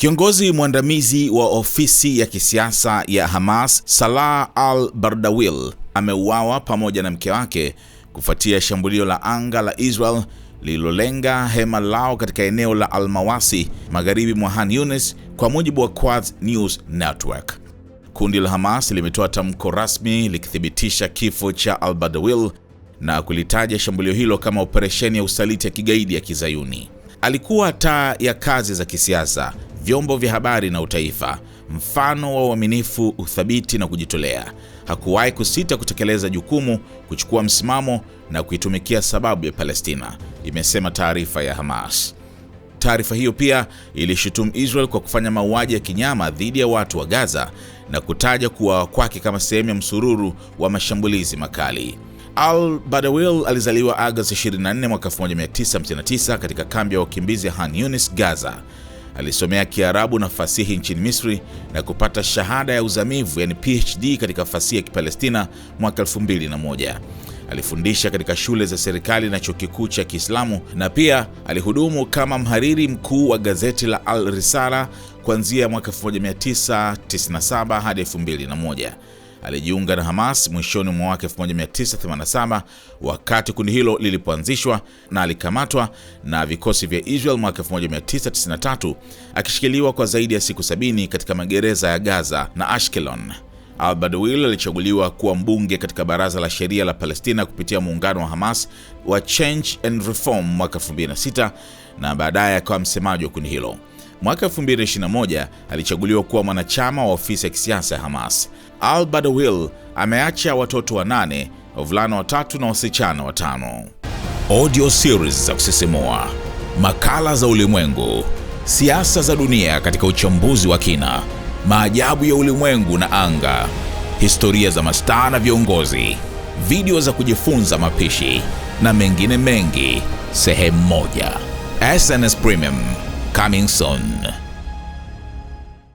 Kiongozi mwandamizi wa ofisi ya kisiasa ya Hamas, Salah al-Bardawil, ameuawa pamoja na mke wake kufuatia shambulio la anga la Israel lililolenga hema lao katika eneo la Almawasi magharibi mwa Han Yunis, kwa mujibu wa Quds News Network. Kundi la Hamas limetoa tamko rasmi likithibitisha kifo cha al-Bardawil na kulitaja shambulio hilo kama operesheni ya usaliti ya kigaidi ya Kizayuni. Alikuwa taa ya kazi za kisiasa vyombo vya habari na utaifa, mfano wa uaminifu, uthabiti na kujitolea. Hakuwahi kusita kutekeleza jukumu, kuchukua msimamo na kuitumikia sababu ya Palestina, imesema taarifa ya Hamas. Taarifa hiyo pia ilishutumu Israel kwa kufanya mauaji ya kinyama dhidi ya watu wa Gaza na kutaja kuuawa kwake kama sehemu ya msururu wa mashambulizi makali. Al-Badawil alizaliwa Agosti 24 mwaka 1959 katika kambi ya wakimbizi ya Han Yunis, Gaza. Alisomea Kiarabu na fasihi nchini Misri na kupata shahada ya uzamivu yani PhD katika fasihi ya Kipalestina mwaka 2001. Alifundisha katika shule za serikali na chuo kikuu cha Kiislamu na pia alihudumu kama mhariri mkuu wa gazeti la Al Risala kuanzia mwaka 1997 hadi 2001 alijiunga na Hamas mwishoni mwa mwaka 1987 wakati kundi hilo lilipoanzishwa, na alikamatwa na vikosi vya Israel mwaka 1993 akishikiliwa kwa zaidi ya siku sabini katika magereza ya Gaza na Ashkelon. al alichaguliwa kuwa mbunge katika baraza la sheria la Palestina kupitia muungano wa Hamas wa Change and Reform mwaka 2006 na baadaye akawa msemaji wa kundi hilo. Mwaka 2021 alichaguliwa kuwa mwanachama wa ofisi ya kisiasa ya Hamas. Albert Will ameacha watoto wanane, wavulana watatu na wasichana watano. Audio series za kusisimua, makala za ulimwengu, siasa za dunia katika uchambuzi wa kina, maajabu ya ulimwengu na anga, historia za mastaa na viongozi, video za kujifunza mapishi na mengine mengi, sehemu moja. SNS Premium coming soon.